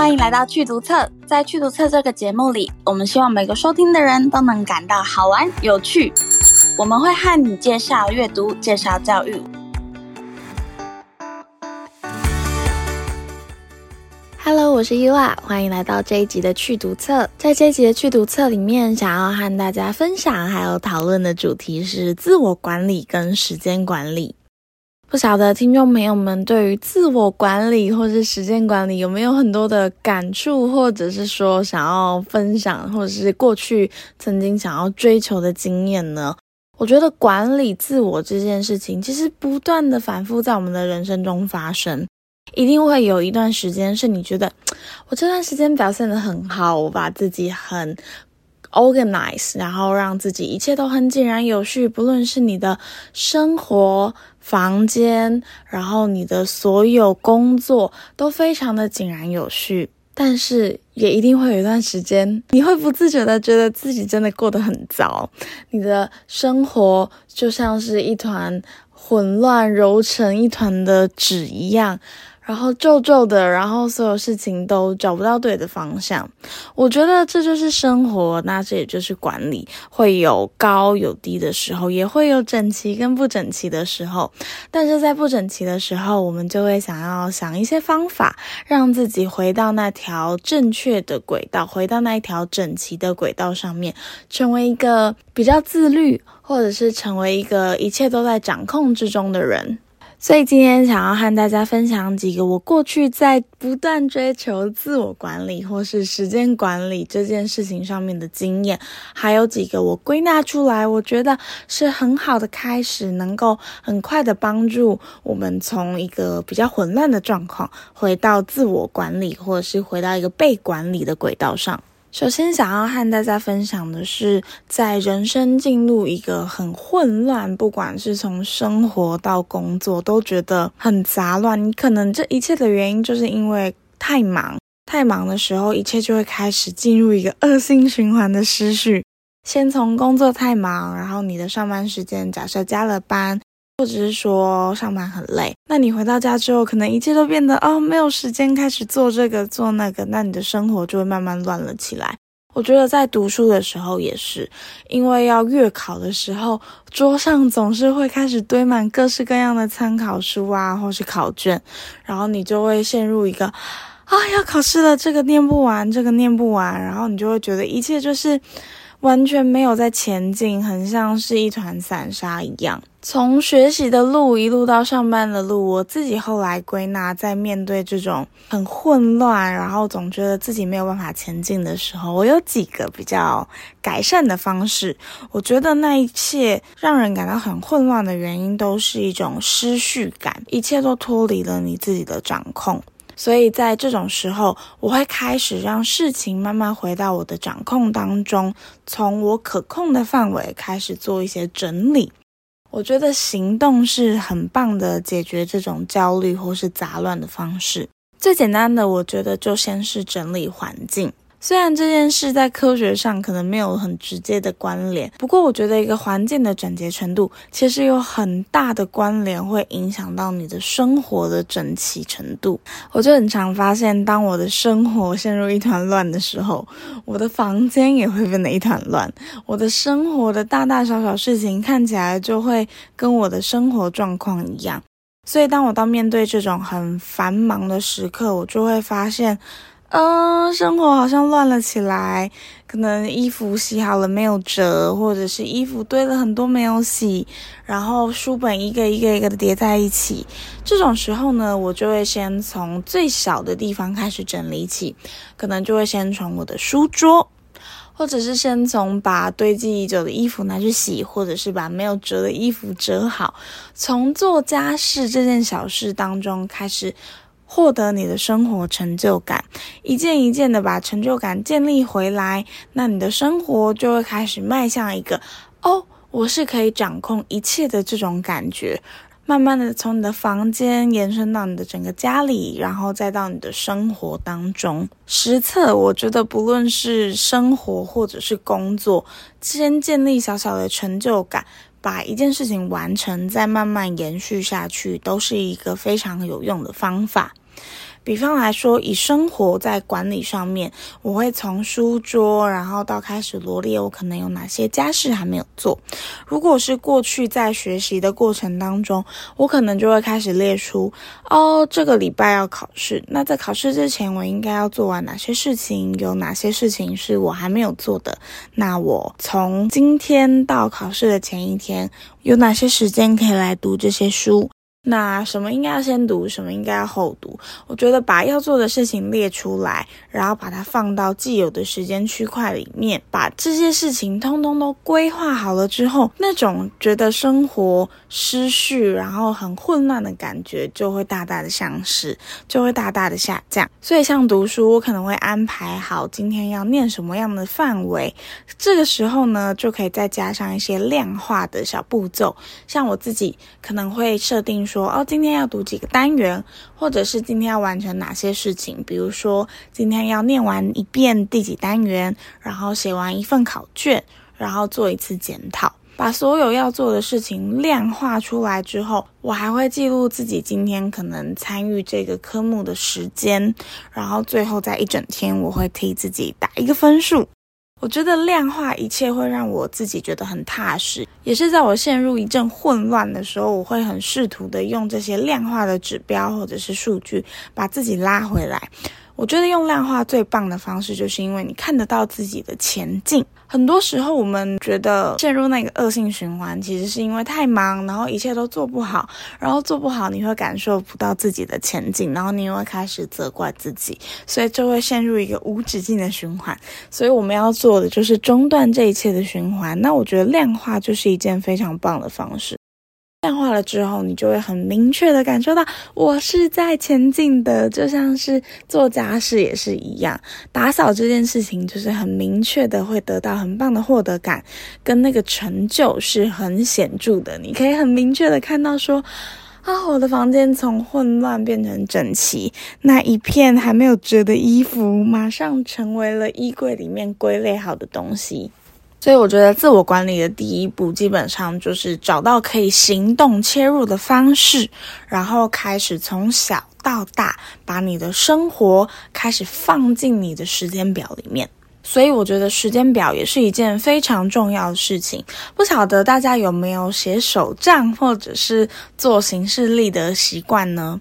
歡迎來到趣讀冊，在趣讀冊這個節目裡，我們希望每個收聽的人都能感到好玩有趣。我們會和你介紹閱讀，介紹教育。Hello，我是伊娃，歡迎來到這一集的趣讀冊。在這一集的趣讀冊裡面，想要和大家分享還有討論的主題是自我管理跟時間管理。不曉得聽眾朋友們對於自我管理或是時間管理有沒有很多的感觸，或者是說想要分享，或者是過去曾經想要追求的經驗呢？我覺得管理自我這件事情，其實不斷的反復在我們的人生中發生，一定會有一段時間是你覺得我這段時間表現得很好，我把自己很 organize，然後讓自己一切都很井然有序，不論是你的生活、房間，然後你的所有工作都非常的井然有序，但是也一定會有一段時間，你會不自覺的覺得自己真的過得很糟，你的生活就像是一團混亂揉成一團的紙一樣。然後皺皺的，然後所有事情都找不到對的方向。我覺得這就是生活，那這也就是管理，會有高有低的時候，也會有整齊跟不整齊的時候。但是在不整齊的時候，我們就會想要想一些方法，讓自己回到那條正確的軌道，回到那一條整齊的軌道上面，成為一個比較自律，或者是成為一個一切都在掌控之中的人。所以今天想要和大家分享幾個我過去在不斷追求自我管理或是時間管理這件事情上面的經驗，還有幾個我歸納出來，我覺得是很好的開始，能夠很快的幫助我們從一個比較混亂的狀況回到自我管理，或者是回到一個被管理的軌道上。首先，想要和大家分享的是，在人生進入一個很混亂，不管是從生活到工作，都覺得很雜亂。你可能這一切的原因，就是因為太忙。太忙的時候，一切就會開始進入一個惡性循環的思緒。先從工作太忙，然後你的上班時間，假設加了班。或者是說上班很累，那你回到家之後，可能一切都變得哦，沒有時間開始做這個做那個，那你的生活就會慢慢亂了起來。我覺得在讀書的時候也是，因為要月考的時候，桌上總是會開始堆滿各式各樣的參考書啊，或是考卷，然後你就會陷入一個啊，要考試了，這個念不完，這個念不完，然後你就會覺得一切就是。完全沒有在前進，很像是一團散沙一樣。從學習的路一路到上班的路，我自己後來歸納，在面對這種很混亂，然後總覺得自己沒有辦法前進的時候，我有幾個比較改善的方式。我覺得那一切讓人感到很混亂的原因，都是一種失序感，一切都脫離了你自己的掌控。所以在這種時候，我會開始讓事情慢慢回到我的掌控當中，從我可控的範圍開始做一些整理。我覺得行動是很棒的解決這種焦慮或是雜亂的方式。最簡單的，我覺得就先是整理環境。雖然這件事在科學上可能沒有很直接的關聯，不過我覺得一個環境的整潔程度其實有很大的關聯，會影響到你的生活的整齊程度。我就很常發現，當我的生活陷入一團亂的時候，我的房間也會變得一團亂，我的生活的大大小小事情看起來就會跟我的生活狀況一樣。所以當我到面對這種很繁忙的時刻，我就會發現，嗯，uh，生活好像亂了起來，可能衣服洗好了沒有折，或者是衣服堆了很多沒有洗，然後書本一個一個一個的疊在一起。這種時候呢，我就會先從最小的地方開始整理起，可能就會先從我的書桌，或者是先從把堆積已久的衣服拿去洗，或者是把沒有折的衣服折好，從做家事這件小事當中開始。獲得你的生活成就感，一件一件的把成就感建立回來，那你的生活就會開始邁向一個，哦，我是可以掌控一切的這種感覺，慢慢的從你的房間延伸到你的整個家裡，然後再到你的生活當中。實測，我覺得不論是生活或者是工作，先建立小小的成就感，把一件事情完成，再慢慢延續下去，都是一個非常有用的方法。比方來說，以生活在管理上面，我會從書桌，然後到開始羅列我可能有哪些家事還沒有做。如果是過去在學習的過程當中，我可能就會開始列出：哦，這個禮拜要考試，那在考試之前，我應該要做完哪些事情？有哪些事情是我還沒有做的？那我從今天到考試的前一天，有哪些時間可以來讀這些書？那什麼應該要先讀，什麼應該要後讀？我覺得把要做的事情列出來，然後把它放到既有的時間區塊裡面，把這些事情通通都規劃好了之後，那種覺得生活失序，然後很混亂的感覺就會大大的消失，就會大大的下降。所以像讀書，我可能會安排好今天要念什麼樣的範圍，這個時候呢，就可以再加上一些量化的小步驟，像我自己可能會設定。說哦，今天要讀幾個單元，或者是今天要完成哪些事情？比如說，今天要念完一遍第幾單元，然後寫完一份考卷，然後做一次檢討。把所有要做的事情量化出來之後，我還會記錄自己今天可能參與這個科目的時間，然後最後在一整天，我會替自己打一個分數。我覺得量化一切會讓我自己覺得很踏實，也是在我陷入一陣混亂的時候，我會很試圖的用這些量化的指標或者是數據，把自己拉回來。我覺得用量化最棒的方式，就是因為你看得到自己的前進。很多時候，我們覺得陷入那個惡性循環，其實是因為太忙，然後一切都做不好，然後做不好你會感受不到自己的前進，然後你又會開始責怪自己，所以就會陷入一個無止境的循環。所以我們要做的就是中斷這一切的循環。那我覺得量化就是一件非常棒的方式。變化了之後，你就會很明確的感受到，我是在前進的，就像是做家事也是一樣，打掃這件事情就是很明確的會得到很棒的獲得感，跟那個成就是很顯著的。你可以很明確的看到說，啊、哦，我的房間從混亂變成整齊，那一片還沒有折的衣服，馬上成為了衣櫃裡面歸類好的東西。所以，我覺得自我管理的第一步，基本上就是找到可以行動切入的方式，然後開始從小到大，把你的生活開始放進你的時間表裡面。所以我覺得時間表也是一件非常重要的事情。不曉得大家有沒有寫手賬或者是做行事曆的習慣呢？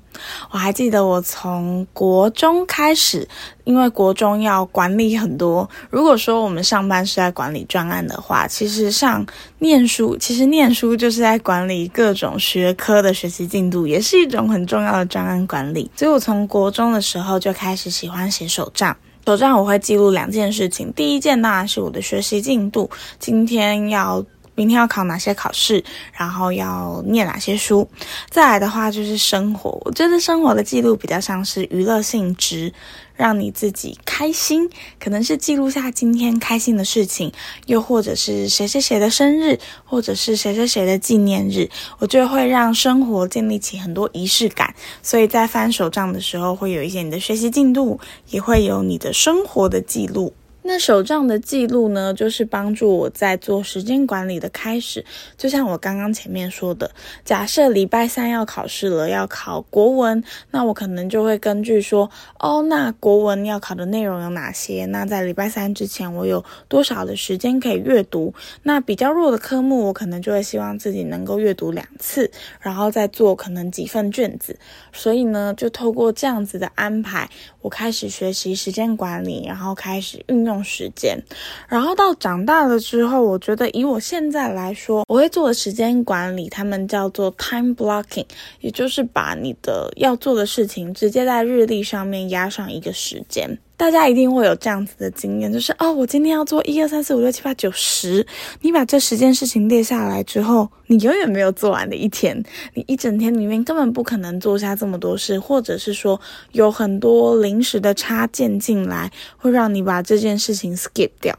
我還記得我從國中開始，因為國中要管理很多。如果說我們上班是在管理專案的話，其實上念書，其實念書就是在管理各種學科的學習進度，也是一種很重要的專案管理。所以我從國中的時候就開始喜歡寫手賬。首先我會記錄兩件事情，第一件呢，啊，是我的學習進度，今天要，明天要考哪些考試，然後要念哪些書，再來的話就是生活。我覺得生活的記錄比較像是娛樂性質，讓你自己開心，可能是記錄下今天開心的事情，又或者是誰誰誰的生日，或者是誰誰誰的紀念日。我覺得會讓生活建立起很多儀式感，所以在翻手賬的時候，會有一些你的學習進度，也會有你的生活的記錄。那手賬的記錄呢，就是幫助我在做時間管理的開始。就像我剛剛前面說的，假設禮拜三要考試了，要考國文，那我可能就會根據說，哦，那國文要考的內容有哪些？那在禮拜三之前，我有多少的時間可以閱讀？那比較弱的科目，我可能就會希望自己能夠閱讀兩次，然後再做可能幾份卷子。所以呢，就透過這樣子的安排，我開始學習時間管理，然後開始運用。時間，然後到長大了之後，我覺得以我現在來說，我會做的時間管理，他們叫做 time blocking，也就是把你的要做的事情直接在日曆上面壓上一個時間。大家一定會有這樣子的經驗，就是哦，我今天要做一二三四五六七八九十，你把這十件事情列下來之後。你永遠沒有做完的一天，你一整天裡面根本不可能做下這麼多事，或者是說有很多臨時的插件進來，會讓你把這件事情 skip 掉。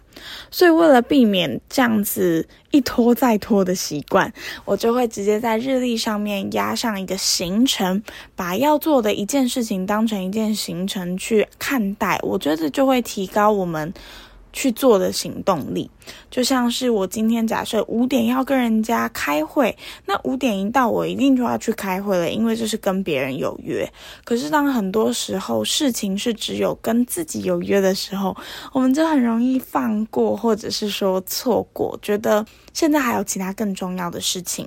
所以為了避免這樣子一拖再拖的習慣，我就會直接在日曆上面壓上一個行程，把要做的一件事情當成一件行程去看待，我覺得就會提高我們。去做的行動力，就像是我今天假設五點要跟人家開會，那五點一到我一定就要去開會了，因為就是跟別人有約。可是當很多時候事情是只有跟自己有約的時候，我們就很容易放過或者是說錯過，覺得現在還有其他更重要的事情。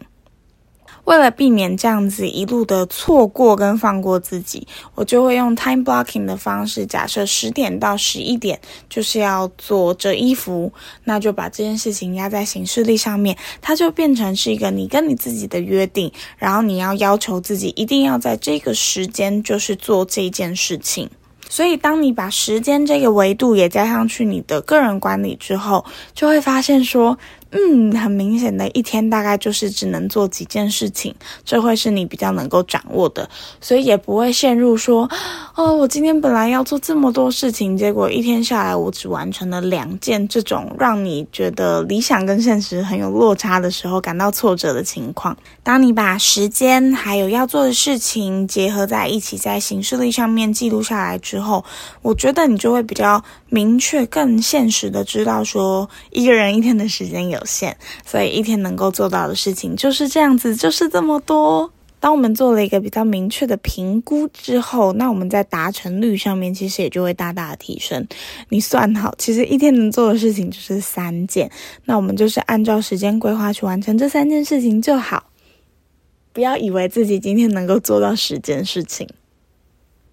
為了避免這樣子一路的錯過跟放過自己，我就會用 time blocking 的方式，假設十點到十一點就是要做折衣服，那就把這件事情壓在行事曆上面，它就變成是一個你跟你自己的約定，然後你要要求自己一定要在這個時間就是做這件事情。所以，當你把時間這個維度也加上去你的個人管理之後，就會發現說。嗯，很明顯的一天大概就是只能做幾件事情，這會是你比較能夠掌握的，所以也不會陷入說，哦，我今天本來要做這麼多事情，結果一天下來我只完成了兩件這種讓你覺得理想跟現實很有落差的時候感到挫折的情況。當你把時間還有要做的事情結合在一起，在行事曆，上面記錄下來之後，我覺得你就會比較明確、更現實的知道說，一個人一天的時間有限，所以一天能夠做到的事情就是這樣子，就是這麼多。當我們做了一個比較明確的評估之後，那我們在達成率上面其實也就會大大的提升。你算好，其實一天能做的事情就是三件，那我們就是按照時間規劃去完成這三件事情就好。不要以為自己今天能夠做到十件事情。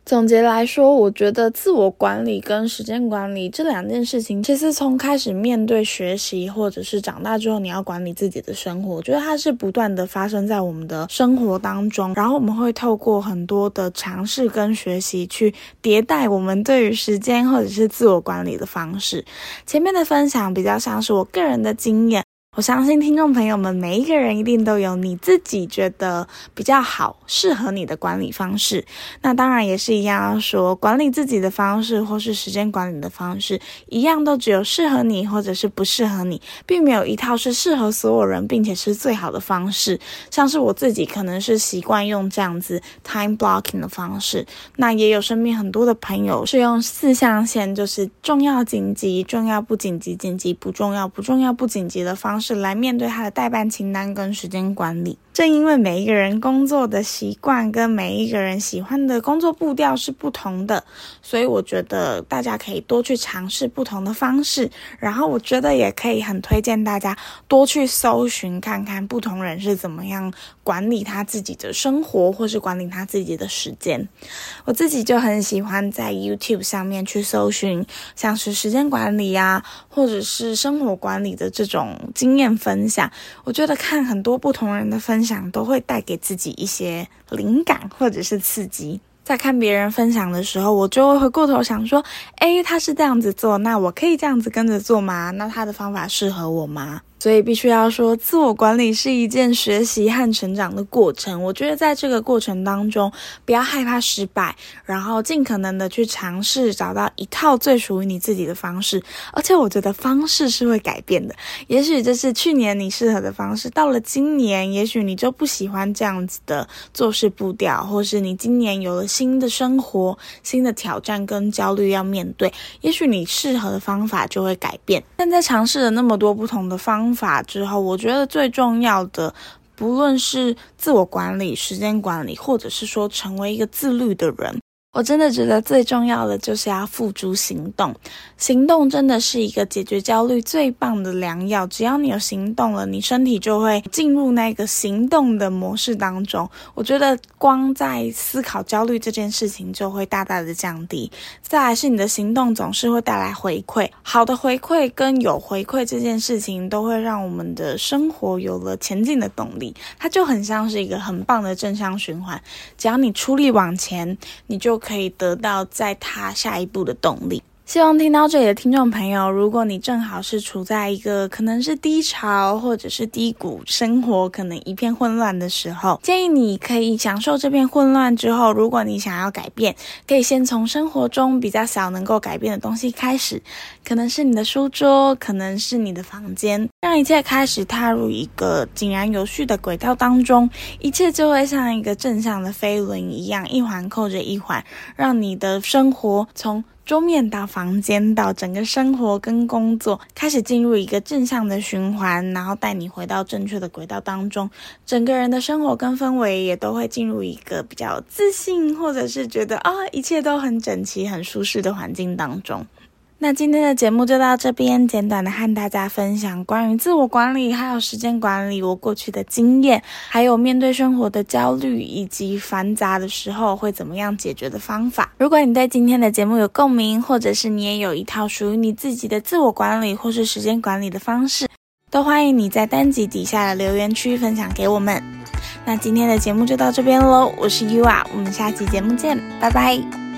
總結來說，我覺得自我管理跟時間管理這兩件事情，其實從開始面對學習，或者是長大之後你要管理自己的生活，我覺得它是不斷的發生在我們的生活當中。然後我們會透過很多的嘗試跟學習去迭代我們對於時間或者是自我管理的方式。前面的分享比較像是我個人的經驗。我相信聽眾朋友們，每一個人一定都有你自己覺得比較好、適合你的管理方式。那當然也是一樣，要說管理自己的方式，或是時間管理的方式，一樣都只有適合你，或者是不適合你，並沒有一套是適合所有人，並且是最好的方式。像是我自己，可能是習慣用這樣子 time blocking 的方式。那也有身邊很多的朋友是用四象限，就是重要緊急、重要不緊急、緊急不重要、不重要不緊急的方式。是來面對他的代辦清單跟時間管理。正因為每一個人工作的習慣跟每一個人喜歡的工作步調是不同的，所以我覺得大家可以多去嘗試不同的方式。然後，我覺得也可以很推薦大家多去搜尋看看不同人是怎麼樣管理他自己的生活，或是管理他自己的時間。我自己就很喜歡在 YouTube 上面去搜尋，像是時間管理啊，或者是生活管理的這種經驗分享。我覺得看很多不同人的分享。分享都會帶給自己一些靈感或者是刺激。在看別人分享的時候，我就會回過頭想說：誒，他是這樣子做，那我可以這樣子跟着做嗎？那他的方法適合我嗎？所以必須要說，自我管理是一件學習和成長的過程。我覺得在這個過程當中，不要害怕失敗，然後儘可能的去嘗試，找到一套最屬於你自己的方式。而且我覺得方式是會改變的。也許這是去年你適合的方式，到了今年，也許你就不喜歡這樣子的做事步調，或是你今年有了新的生活、新的挑戰跟焦慮要面對，也許你適合的方法就會改變。但在嘗試了那麼多不同的方法，法之後，我覺得最重要的，不論是自我管理、時間管理，或者是說成為一個自律的人。我真的覺得最重要的就是要付諸行動，行動真的是一個解決焦慮最棒的良藥。只要你有行動了，你身體就會進入那個行動的模式當中。我覺得光在思考焦慮這件事情就會大大的降低。再來是你的行動總是會帶來回饋，好的回饋跟有回饋這件事情都會讓我們的生活有了前進的動力。它就很像是一個很棒的正向循環。只要你出力往前，你就可以得到再踏下一步的動力。希望聽到這裡的聽眾朋友，如果你正好是處在一個可能是低潮或者是低谷，生活可能一片混亂的時候，建議你可以享受這片混亂之後。如果你想要改變，可以先從生活中比較小能夠改變的東西開始。可能是你的書桌，可能是你的房間，讓一切開始踏入一個井然有序的軌道當中，一切就會像一個正向的飛輪一樣，一環扣着一環，讓你的生活從桌面到房間到整個生活跟工作開始進入一個正向的循環，然後帶你回到正確的軌道當中，整個人的生活跟氛圍也都會進入一個比較自信，或者是覺得啊，哦，一切都很整齊、很舒適的環境當中。那今天的節目就到這邊，簡短的和大家分享關於自我管理還有時間管理我過去的經驗，還有面對生活的焦慮以及繁雜的時候會怎麼樣解決的方法。如果你對今天的節目有共鳴，或者是你也有一套屬於你自己的自我管理或是時間管理的方式，都歡迎你在單集底下的留言區分享給我們。那今天的節目就到這邊嘍，我是 Yua，我們下期節目見，拜拜。